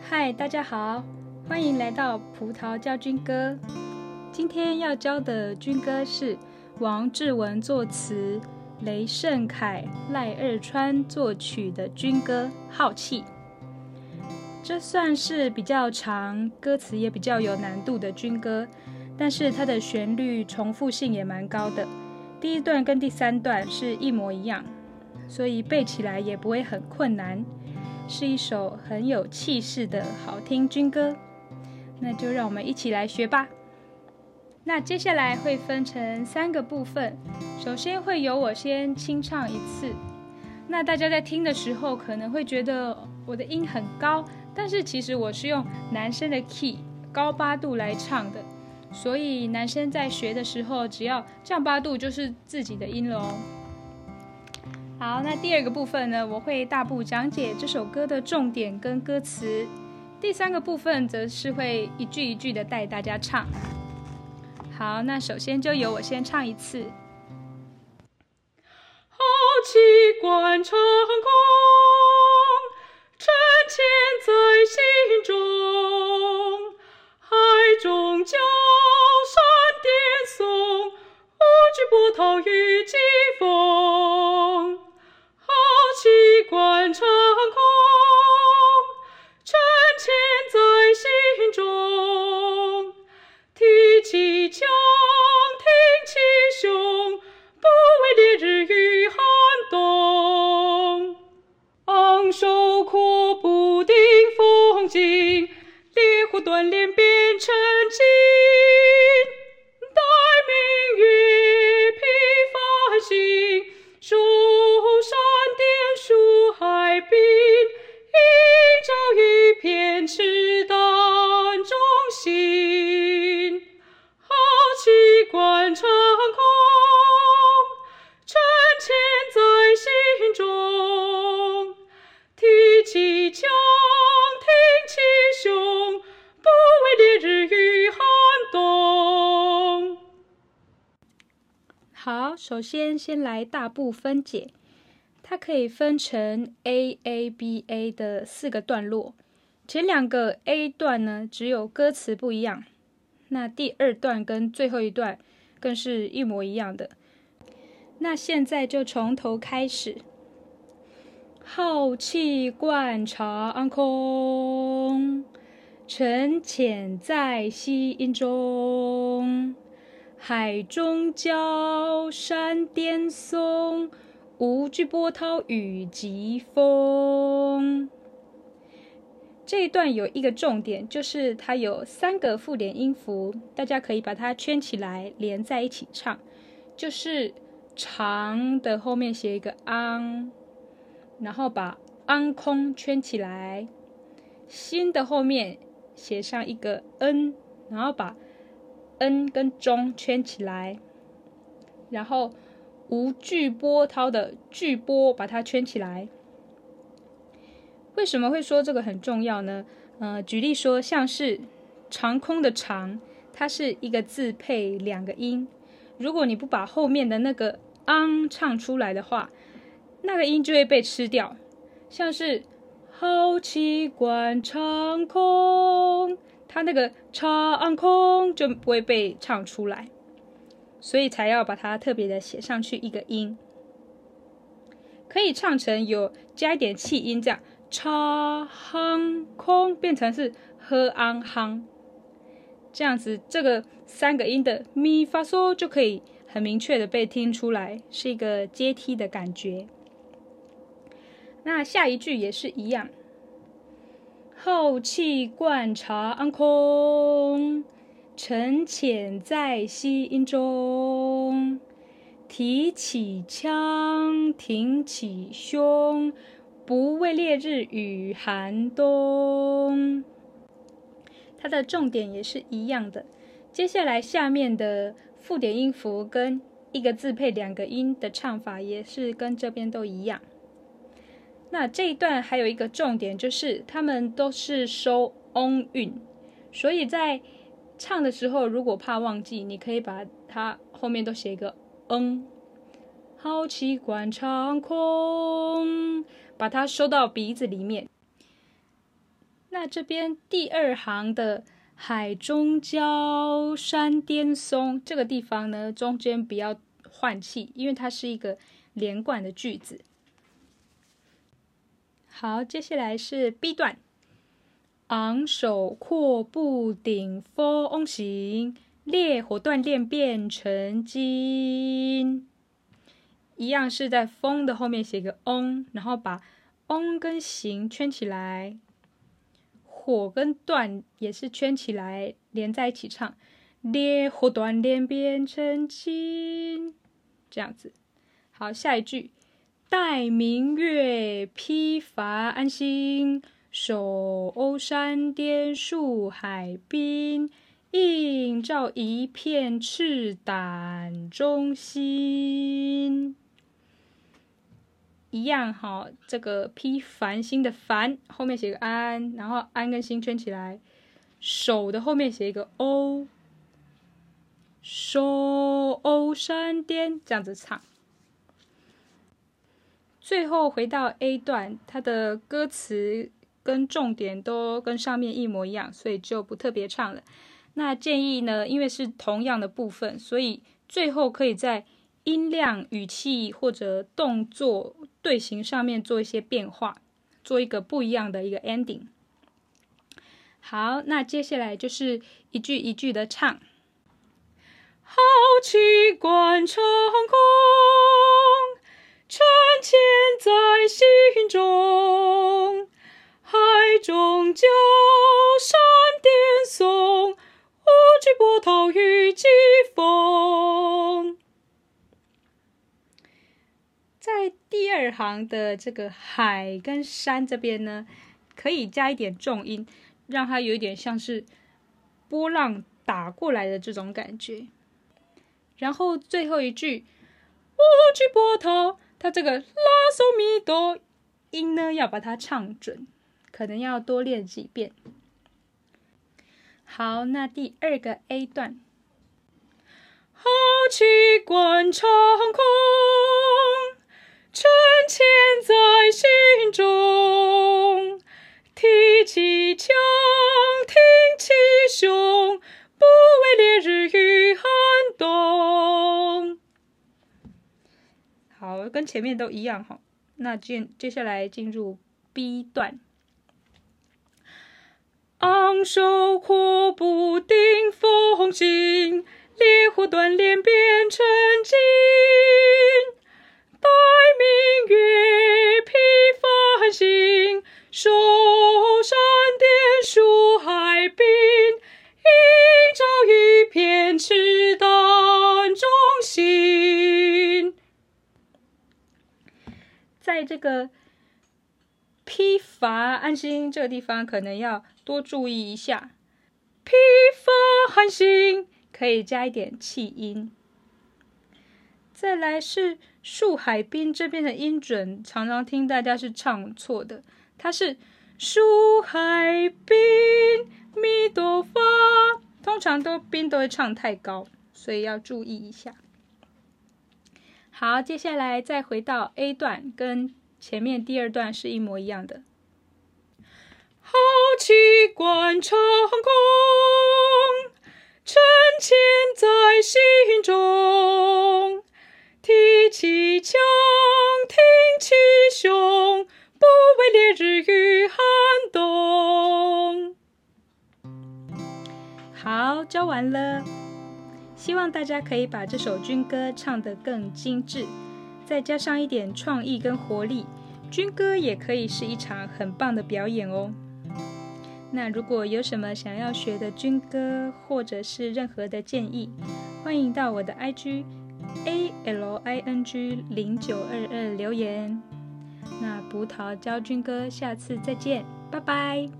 嗨，大家好，歡迎來到葡萄教軍歌。今天要教的軍歌是王志文作詞、雷聖凱、賴二川作曲的軍歌《浩氣》。這算是比較長，歌詞也比較有難度的軍歌。但是它的旋律重複性也蠻高的，第一段跟第三段是一模一樣，所以背起來也不會很困難，是一首很有氣勢的好聽軍歌。那就讓我們一起來學吧。那接下來會分成三個部分，首先會由我先清唱一次，那大家在聽的時候可能會覺得我的音很高，但是其實我是用男生的 key 高八度來唱的。所以男生在學的時候，只要降八度就是自己的音了。好，那第二個部分呢，我會大步講解這首歌的重點跟歌詞。第三個部分則是會一句一句的帶大家唱。好，那首先就由我先唱一次。浩氣貫長空，沉潛在心中，海中礁。是波濤與疾風，浩氣貫長空。沉潛在心中，提起槍，挺起胸，不畏烈日與寒冬。昂首闊步頂風行，烈火鍛鍊變成金。好，首先先來大部分解，它可以分成 A A B A 的四個段落。前兩個 A 段呢，只有歌詞不一樣。那第二段跟最後一段更是一模一樣的。那現在就從頭開始，浩氣貫長空，沉潛在心中。海中礁，山巔松，無懼波濤與疾風。這一段有一個重點，就是它有三個附點音符，大家可以把它圈起來連在一起唱。就是長的後面寫一個 ang，然後把 ang 空圈起來；心的後面寫上一個 n，然後把。n 跟中圈起來，然後無懼波濤的懼波把它圈起來。為什麼會說這個很重要呢？呃，舉例說，像是長空的長，它是一個字配兩個音。如果你不把後面的那個昂、嗯、唱出來的話，那個音就會被吃掉。像是浩氣貫長空。它那個超暗空就不會被唱出來，所以才要把它特別的寫上去一個音，可以唱成有加一點氣音，這樣超暗空變成是 h ang，這樣子這個三個音的咪發嗦就可以很明確的被聽出來，是一個階梯的感覺。那下一句也是一樣。浩氣貫長空，沉潛在心中。提起槍，挺起胸，不畏烈日與寒冬。它的重點也是一樣的。接下來下面的附點音符跟一個字配兩個音的唱法，也是跟這邊都一樣。那這一段還有一個重點，就是他們都是收 ong 韻，所以在唱的時候，如果怕忘記，你可以把它後面都寫一個嗯。浩氣貫長空，把它收到鼻子裡面。那這邊第二行的海中礁，山巔松，這個地方呢，中間不要換氣，因為它是一個連貫的句子。好，接下來是 B 段，昂首闊步頂風行，烈火鍛鍊變成金，一樣是在風的後面寫一個 ng，然後把 ng 跟行圈起來，火跟鍛也是圈起來，連在一起唱，烈火鍛鍊變成金，這樣子。好，下一句。待明月披繁安心，守歐山巔，戍海濱，映照一片赤膽忠心。一樣好、哦，這個披繁星的繁後面寫個安，然後安跟心圈起來，守的後面寫一個歐，守歐山巔，這樣子唱。最後回到 A 段，它的歌詞跟重點都跟上面一模一樣，所以就不特別唱了。那建議呢，因為是同樣的部分，所以最後可以在音量、語氣或者動作隊形上面做一些變化，做一個不一樣的一個 ending。好，那接下來就是一句一句的唱，浩氣貫長空。第二行的這個海跟山這邊呢，可以加一點重音，讓它有一點像是波浪打過來的這種感覺。然後最後一句，無懼波濤，它這個拉索米多音呢，要把它唱準，可能要多練幾遍。好，那第二個 A 段，浩氣貫長空。沉潛在心中，提起槍，挺起胸，不畏烈日與寒冬。好，跟前面都一樣哈。那進接，接下來進入 B 段，昂首闊步頂風行，烈火鍛鍊變成金。在這個披發安心這個地方，可能要多注意一下。批發安心可以加一點氣音。再來是戍海濱這邊的音準，常常聽大家是唱錯的。它是戍海濱，米多發，通常都濱都會唱太高，所以要注意一下。好，接下來再回到 A 段，跟前面第二段是一模一樣的。浩氣貫長空，沉潛在心中，提起槍，挺起胸，不畏烈日與寒冬。好，教完了。希望大家可以把這首軍歌唱得更精緻，再加上一點創意跟活力，軍歌也可以是一場很棒的表演哦。那如果有什麼想要學的軍歌或者是任何的建議，歡迎到我的 IG A L I N G 0922留言。那葡萄教軍歌，下次再見，拜拜。